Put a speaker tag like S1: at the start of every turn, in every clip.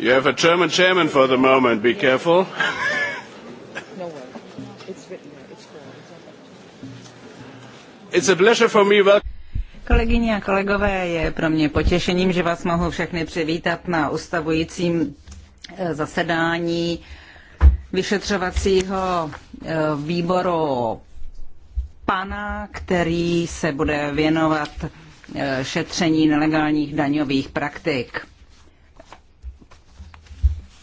S1: You have a German chairman for the moment. Be careful. no It's written there. It's called. It's a pleasure for me. Welcome. Kolegyně a kolegové, je pro mě potěšením, že vás mohu všechny přivítat na ustavujícím eh, zasedání vyšetřovacího eh, výboru pana, který se bude věnovat eh, šetření nelegálních daňových praktik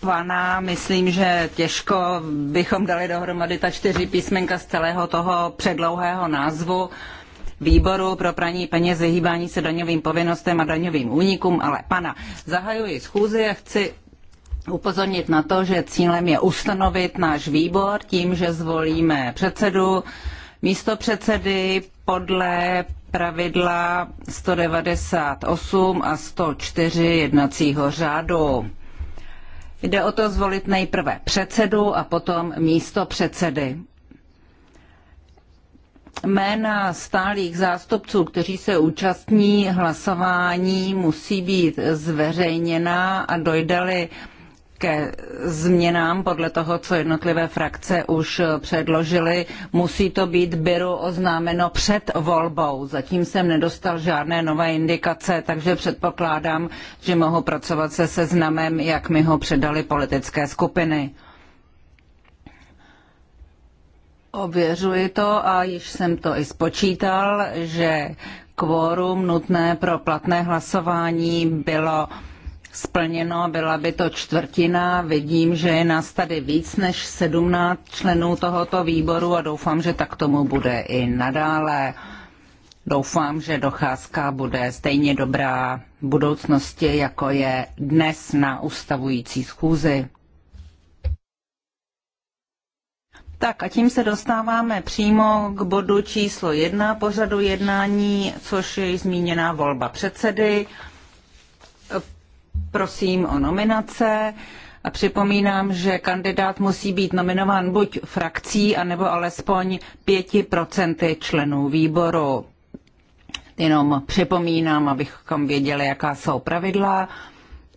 S1: pana, myslím, že těžko bychom dali dohromady ta čtyři písmenka z celého toho předlouhého názvu výboru pro praní peněz, vyhýbání se daňovým povinnostem a daňovým únikům, ale pana, zahajuji schůzi a chci upozornit na to, že cílem je ustanovit náš výbor tím, že zvolíme předsedu, místo předsedy podle pravidla 198 a 104 jednacího řádu. Jde o to zvolit nejprve předsedu a potom místo předsedy. Jména stálých zástupců, kteří se účastní hlasování, musí být zveřejněna a dojde-li ke změnám podle toho, co jednotlivé frakce už předložily. Musí to být byru oznámeno před volbou. Zatím jsem nedostal žádné nové indikace, takže předpokládám, že mohu pracovat se seznamem, jak mi ho předali politické skupiny. Ověřuji to a již jsem to i spočítal, že kvórum nutné pro platné hlasování bylo splněno, byla by to čtvrtina. Vidím, že je nás tady víc než 17 členů tohoto výboru a doufám, že tak tomu bude i nadále. Doufám, že docházka bude stejně dobrá v budoucnosti, jako je dnes na ustavující schůzi. Tak a tím se dostáváme přímo k bodu číslo jedna pořadu jednání, což je zmíněná volba předsedy prosím o nominace a připomínám, že kandidát musí být nominován buď frakcí, anebo alespoň 5% členů výboru. Jenom připomínám, abychom věděli, jaká jsou pravidla.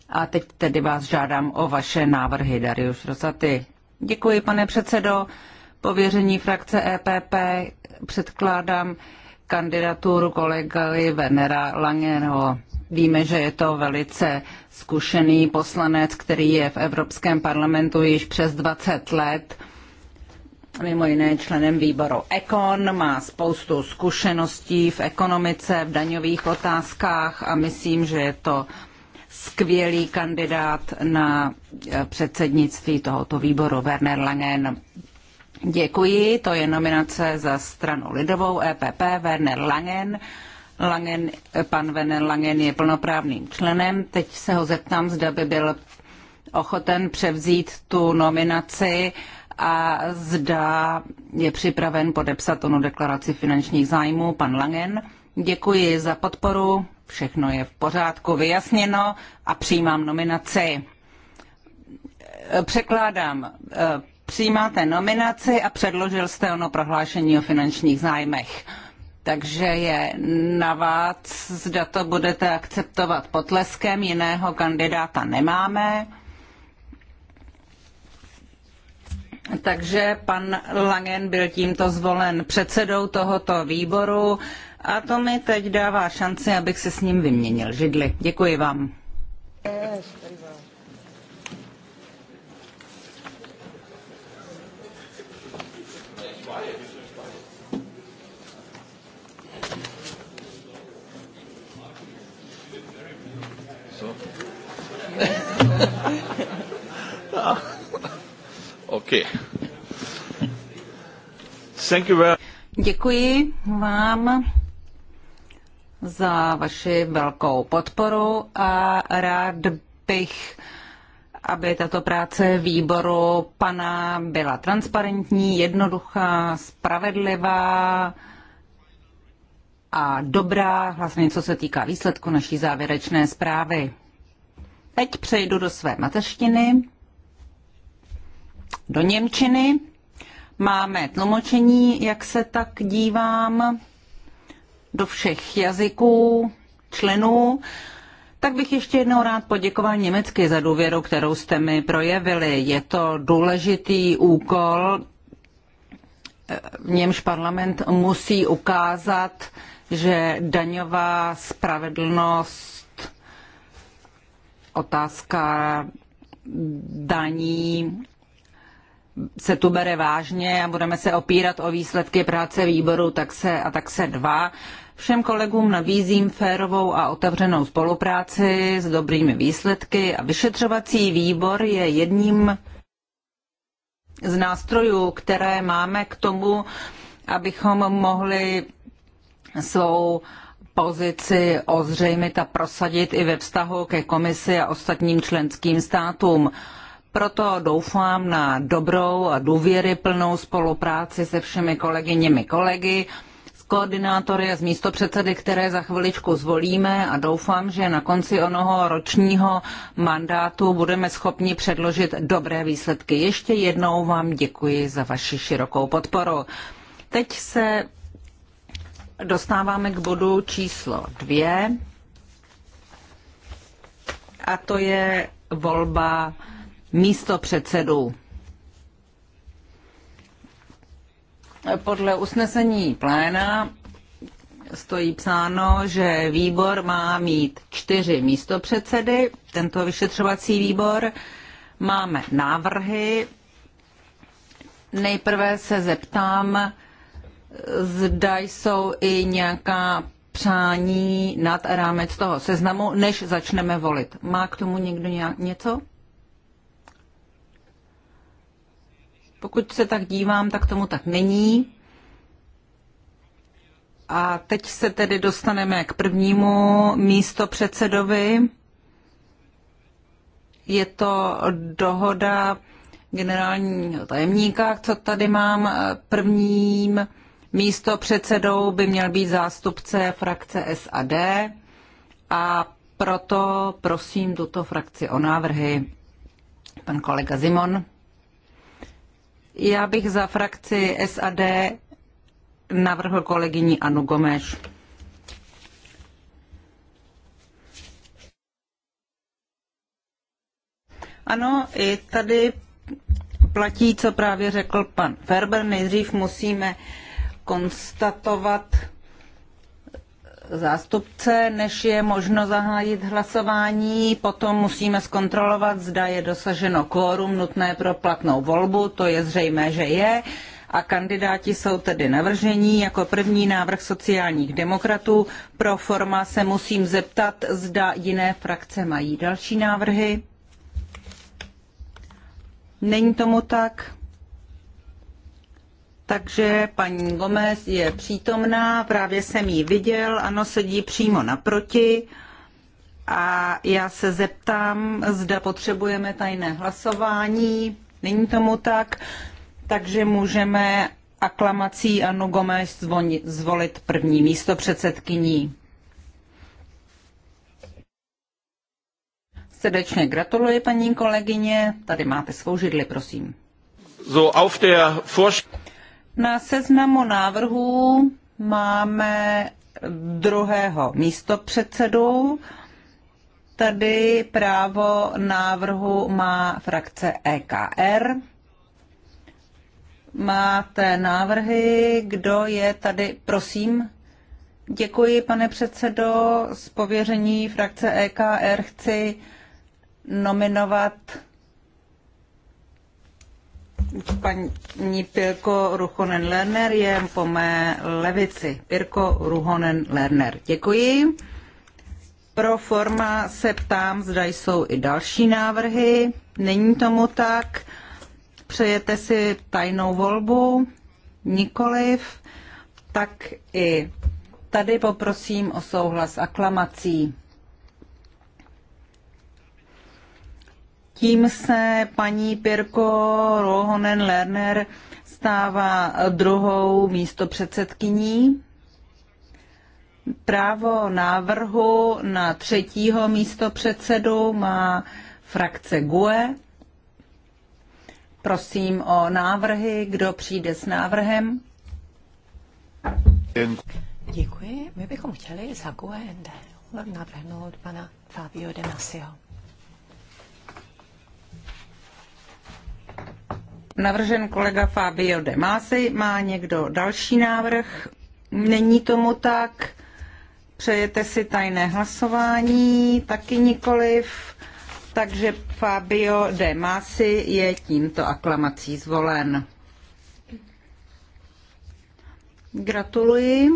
S1: A teď tedy vás žádám o vaše návrhy, Darius Rosaty. Děkuji, pane předsedo. Pověření frakce EPP předkládám kandidaturu kolegy Venera Langenho. Víme, že je to velice zkušený poslanec, který je v Evropském parlamentu již přes 20 let. Mimo jiné členem výboru Econ, má spoustu zkušeností v ekonomice, v daňových otázkách a myslím, že je to skvělý kandidát na eh, předsednictví tohoto výboru Werner Langen. Děkuji, to je nominace za stranu Lidovou EPP Werner Langen. Langen, pan Venen Langen je plnoprávným členem. Teď se ho zeptám, zda by byl ochoten převzít tu nominaci a zda je připraven podepsat onu deklaraci finančních zájmů. Pan Langen, děkuji za podporu, všechno je v pořádku vyjasněno a přijímám nominaci. Překládám, eh, přijímáte nominaci a předložil jste ono prohlášení o finančních zájmech takže je na vás, zda to budete akceptovat potleskem, jiného kandidáta nemáme. Takže pan Langen byl tímto zvolen předsedou tohoto výboru a to mi teď dává šanci, abych se s ním vyměnil židli. Děkuji vám. Yes, Thank you very... Děkuji vám za vaši velkou podporu a rád bych, aby tato práce výboru pana byla transparentní, jednoduchá, spravedlivá a dobrá, hlavně co se týká výsledku naší závěrečné zprávy. Teď přejdu do své mateřštiny, do Němčiny. Máme tlumočení, jak se tak dívám, do všech jazyků, členů. Tak bych ještě jednou rád poděkoval Německy za důvěru, kterou jste mi projevili. Je to důležitý úkol, v němž parlament musí ukázat, že daňová spravedlnost, otázka daní se tu bere vážně a budeme se opírat o výsledky práce výboru tak se a tak se dva. Všem kolegům nabízím férovou a otevřenou spolupráci s dobrými výsledky a vyšetřovací výbor je jedním z nástrojů, které máme k tomu, abychom mohli svou pozici ozřejmit a prosadit i ve vztahu ke komisi a ostatním členským státům. Proto doufám na dobrou a důvěryplnou spolupráci se všemi kolegyněmi kolegy, s koordinátory a s místopředsedy, které za chviličku zvolíme a doufám, že na konci onoho ročního mandátu budeme schopni předložit dobré výsledky. Ještě jednou vám děkuji za vaši širokou podporu. Teď se dostáváme k bodu číslo dvě a to je volba místo předsedů. Podle usnesení pléna stojí psáno, že výbor má mít čtyři místo předsedy. tento vyšetřovací výbor. Máme návrhy. Nejprve se zeptám, zda jsou i nějaká přání nad rámec toho seznamu, než začneme volit. Má k tomu někdo nějak něco? Pokud se tak dívám, tak tomu tak není. A teď se tedy dostaneme k prvnímu místo předsedovi. Je to dohoda generálního tajemníka, co tady mám eh, prvním Místo předsedou by měl být zástupce frakce SAD a proto prosím tuto frakci o návrhy. Pan kolega Zimon. Já bych za frakci SAD navrhl kolegyni Anu Gomeš. Ano, i tady platí, co právě řekl pan Ferber. Nejdřív musíme uh, konstatovat zástupce, než je možno zahájit hlasování. Potom musíme zkontrolovat, zda je dosaženo kvórum nutné pro platnou volbu, to je zřejmé, že je. A kandidáti jsou tedy navrženi jako první návrh sociálních demokratů. Pro forma se musím zeptat, zda jiné frakce mají další návrhy. Není tomu tak? Takže paní Gomez je přítomná, právě jsem ji viděl, ano, sedí přímo naproti. A já se zeptám, zda potřebujeme tajné hlasování. Není tomu tak, takže můžeme aklamací Anu Gomez zvolit první místo předsedkyní. Srdečně gratuluji, paní kolegyně. Tady máte svou židli, prosím. So auf der na seznamu návrhů máme druhého místopředsedu. Tady právo návrhu má frakce EKR. Máte návrhy, kdo je tady, prosím. Děkuji, pane předsedo. Z pověření frakce EKR chci nominovat Paní Pirko Ruhonen Lerner je po mé levici. Pirko Ruhonen Lerner. Děkuji. Pro forma se ptám, zda jsou i další návrhy. Není tomu tak. Přejete si tajnou volbu? Nikoliv. Tak i tady poprosím o souhlas aklamací. Tím se paní Pirko Rohonen Lerner stává druhou místo předsedkyní. Právo návrhu na třetího místo předsedu má frakce GUE. Prosím o návrhy, kdo přijde s návrhem. Děkuji. My bychom chtěli za GUE ND navrhnout pana Fabio De Masio. navržen kolega Fabio de Masi. Má někdo další návrh? Není tomu tak. Přejete si tajné hlasování? Taky nikoliv. Takže Fabio de Masi je tímto aklamací zvolen. Gratuluji.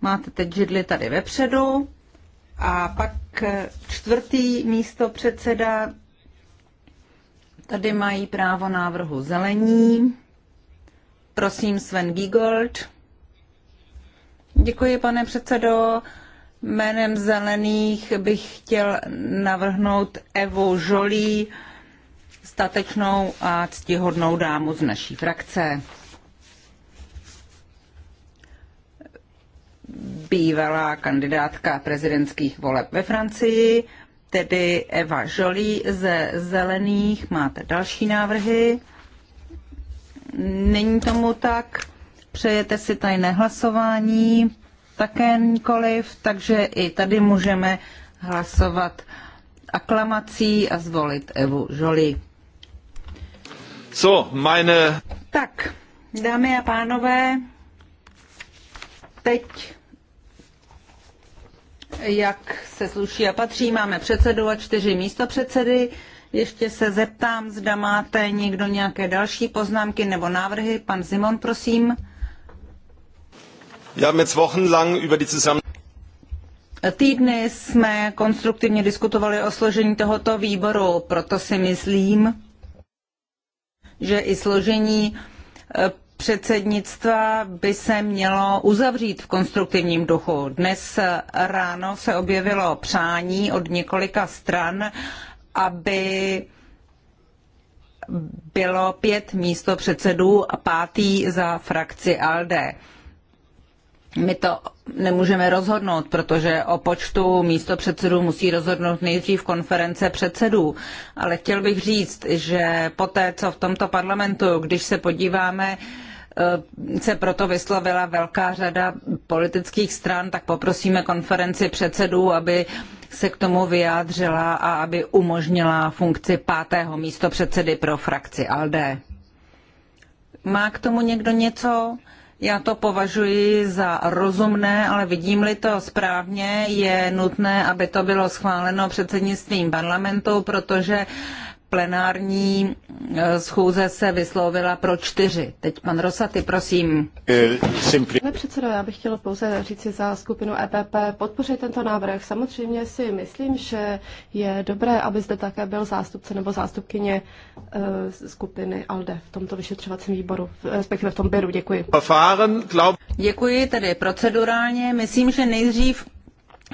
S1: Máte teď židli tady vepředu. A pak čtvrtý místo předseda Tady mají právo návrhu zelení. Prosím Sven Giegold. Děkuji, pane předsedo. Jménem zelených bych chtěl navrhnout Evu Žolí, statečnou a ctihodnou dámu z naší frakce. Bývalá kandidátka prezidentských voleb ve Francii, tedy Eva Žolí ze Zelených. Máte další návrhy? Není tomu tak. Přejete si tajné hlasování? Také nikoliv, takže i tady můžeme hlasovat aklamací a zvolit Evu Žolí. So, meine... Tak, dámy a pánové, teď jak se sluší a patří, máme předsedu a čtyři místopředsedy. Ještě se zeptám, zda máte někdo nějaké další poznámky nebo návrhy. Pan Simon, prosím. Já jetzt wochenlang über die zusammen Týdny jsme konstruktivně diskutovali o složení tohoto výboru, proto si myslím, že i složení eh, předsednictva by se mělo uzavřít v konstruktivním duchu. Dnes ráno se objevilo přání od několika stran, aby bylo pět místo předsedů a pátý za frakci ALDE. My to nemůžeme rozhodnout, protože o počtu místo předsedů musí rozhodnout nejdřív konference předsedů. Ale chtěl bych říct, že poté, co v tomto parlamentu, když se podíváme Eh, se proto vyslovila velká řada politických stran, tak poprosíme konferenci předsedů, aby se k tomu vyjádřila a aby umožnila funkci pátého místo předsedy pro frakci ALDE. Má k tomu někdo něco? Já to považuji za rozumné, ale vidím-li to správně, je nutné, aby to bylo schváleno předsednictvím parlamentu, protože plenární eh, schůze se vyslovila pro čtyři. Teď pan Rosaty, prosím. Eh, Pane předsedo, já bych chtěla pouze říci za skupinu EPP, podpořit tento návrh. Samozřejmě si myslím, že je dobré, aby zde také byl zástupce nebo zástupkyně eh, skupiny ALDE v tomto vyšetřovacím výboru, respektive v tom běru. Děkuji. Děkuji, tedy procedurálně. Myslím, že nejdřív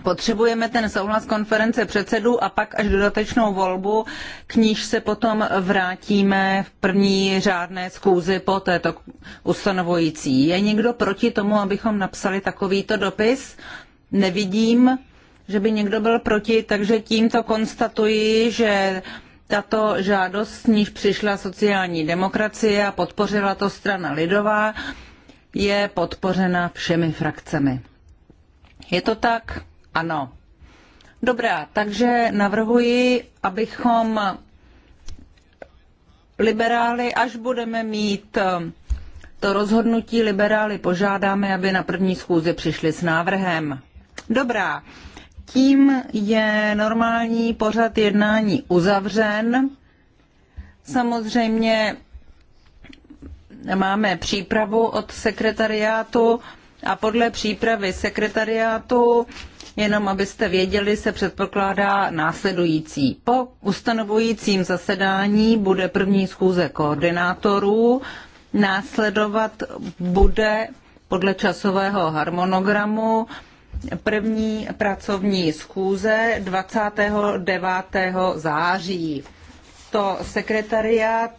S1: Potřebujeme ten souhlas konference předsedů a pak až dodatečnou volbu, k níž se potom vrátíme v první řádné schůzi po této ustanovující. Je někdo proti tomu, abychom napsali takovýto dopis? Nevidím, že by někdo byl proti, takže tímto konstatuji, že tato žádost, s níž přišla sociální demokracie a podpořila to strana Lidová, je podpořena všemi frakcemi. Je to tak? Ano. Dobrá, takže navrhuji, abychom liberály, až budeme mít eh, to rozhodnutí, liberály požádáme, aby na první schůzi přišli s návrhem. Dobrá, tím je normální pořad jednání uzavřen. Samozřejmě máme přípravu od sekretariátu a podle přípravy sekretariátu Jenom abyste věděli, se předpokládá následující. Po ustanovujícím zasedání bude první schůze koordinátorů, následovat bude podle časového harmonogramu první pracovní schůze 29. září. To sekretariát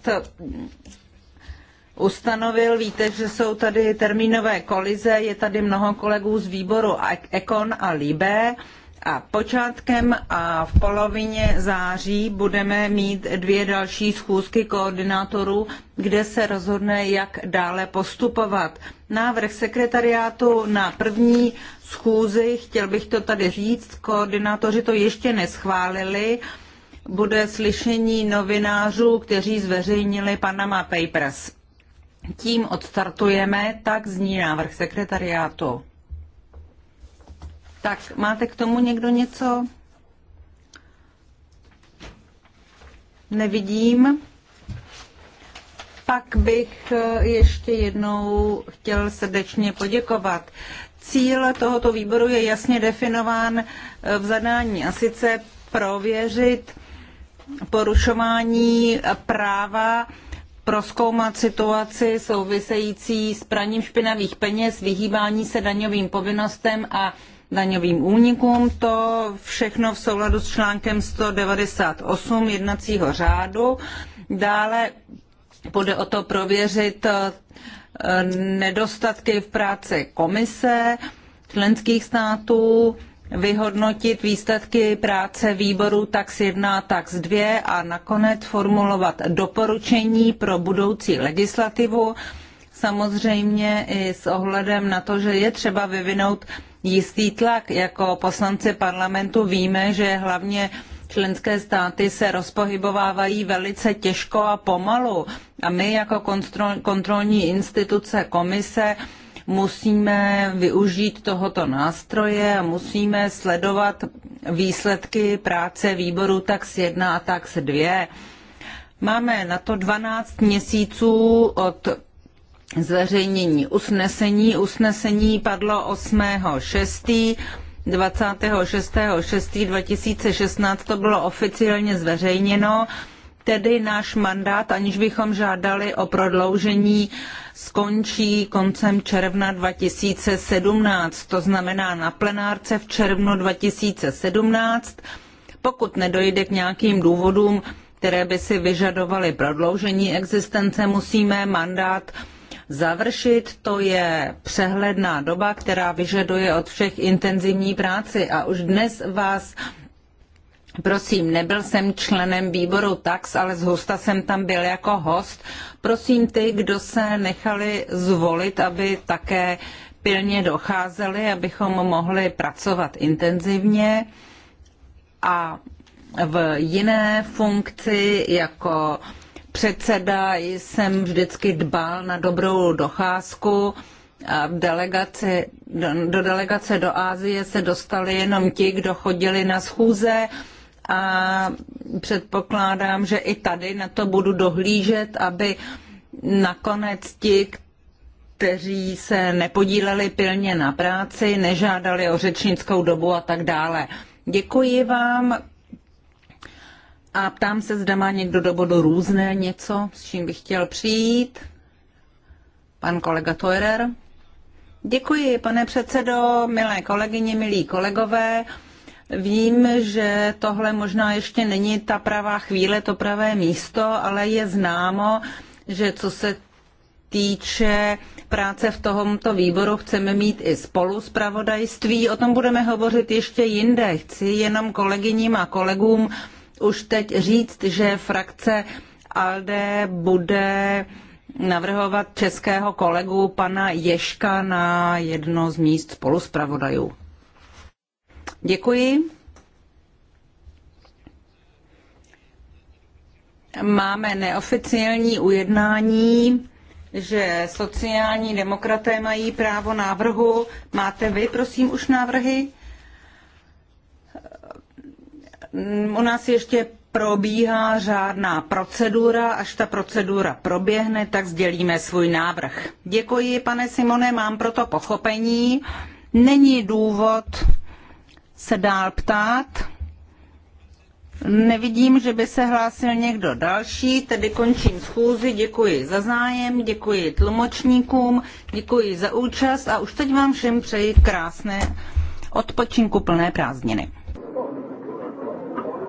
S1: ustanovil. Víte, že jsou tady termínové kolize, je tady mnoho kolegů z výboru e- Econ a Libé. A počátkem a v polovině září budeme mít dvě další schůzky koordinátorů, kde se rozhodne, jak dále postupovat. Návrh sekretariátu na první schůzi, chtěl bych to tady říct, koordinátoři to ještě neschválili, bude slyšení novinářů, kteří zveřejnili Panama Papers. Tím odstartujeme, tak zní návrh sekretariátu. Tak, máte k tomu někdo něco? Nevidím. Pak bych eh, ještě jednou chtěl srdečně poděkovat. Cíl tohoto výboru je jasně definován eh, v zadání a sice prověřit porušování práva proskoumat situaci související s praním špinavých peněz, vyhýbání se daňovým povinnostem a daňovým únikům. To všechno v souladu s článkem 198 jednacího řádu. Dále bude o to prověřit eh, nedostatky v práci komise členských států, vyhodnotit výsledky práce výboru jedna, tak z dvě a nakonec formulovat doporučení pro budoucí legislativu, samozřejmě i s ohledem na to, že je třeba vyvinout jistý tlak. Jako poslanci parlamentu víme, že hlavně členské státy se rozpohybovávají velice těžko a pomalu. A my jako kontrolní instituce komise Musíme využít tohoto nástroje a musíme sledovat výsledky práce výboru TAX 1 a TAX 2. Máme na to 12 měsíců od zveřejnění usnesení. Usnesení padlo 8.6. 26.6.2016 to bylo oficiálně zveřejněno tedy náš mandát, aniž bychom žádali o prodloužení, skončí koncem června 2017, to znamená na plenárce v červnu 2017. Pokud nedojde k nějakým důvodům, které by si vyžadovaly prodloužení existence, musíme mandát završit. To je přehledná doba, která vyžaduje od všech intenzivní práci. A už dnes vás Prosím, nebyl jsem členem výboru tax, ale z hosta jsem tam byl jako host. Prosím ty, kdo se nechali zvolit, aby také pilně docházeli, abychom mohli pracovat intenzivně a v jiné funkci jako předseda jsem vždycky dbal na dobrou docházku. A v delegaci, do, do delegace do Asie se dostali jenom ti, kdo chodili na schůze a předpokládám, že i tady na to budu dohlížet, aby nakonec ti, kteří se nepodíleli pilně na práci, nežádali o řečnickou dobu a tak dále. Děkuji vám a ptám se, zda má někdo do bodu různé něco, s čím bych chtěl přijít. Pan kolega Teurer. Děkuji, pane předsedo, milé kolegyně, milí kolegové. Vím, že tohle možná ještě není ta pravá chvíle, to pravé místo, ale je známo, že co se týče práce v tomto výboru, chceme mít i spolu zpravodajství. O tom budeme hovořit ještě jinde. Chci jenom kolegyním a kolegům už teď říct, že frakce ALDE bude navrhovat českého kolegu pana Ješka na jedno z míst spoluspravodajů. Děkuji. Máme neoficiální ujednání, že sociální demokraté mají právo návrhu. Máte vy, prosím, už návrhy? U nás ještě probíhá řádná procedura. Až ta procedura proběhne, tak sdělíme svůj návrh. Děkuji, pane Simone, mám proto pochopení. Není důvod se dál ptát? Nevidím, že by se hlásil někdo další, tedy končím schůzi. Děkuji za zájem, děkuji tlumočníkům, děkuji za účast a už teď vám všem přeji krásné odpočinku plné prázdniny.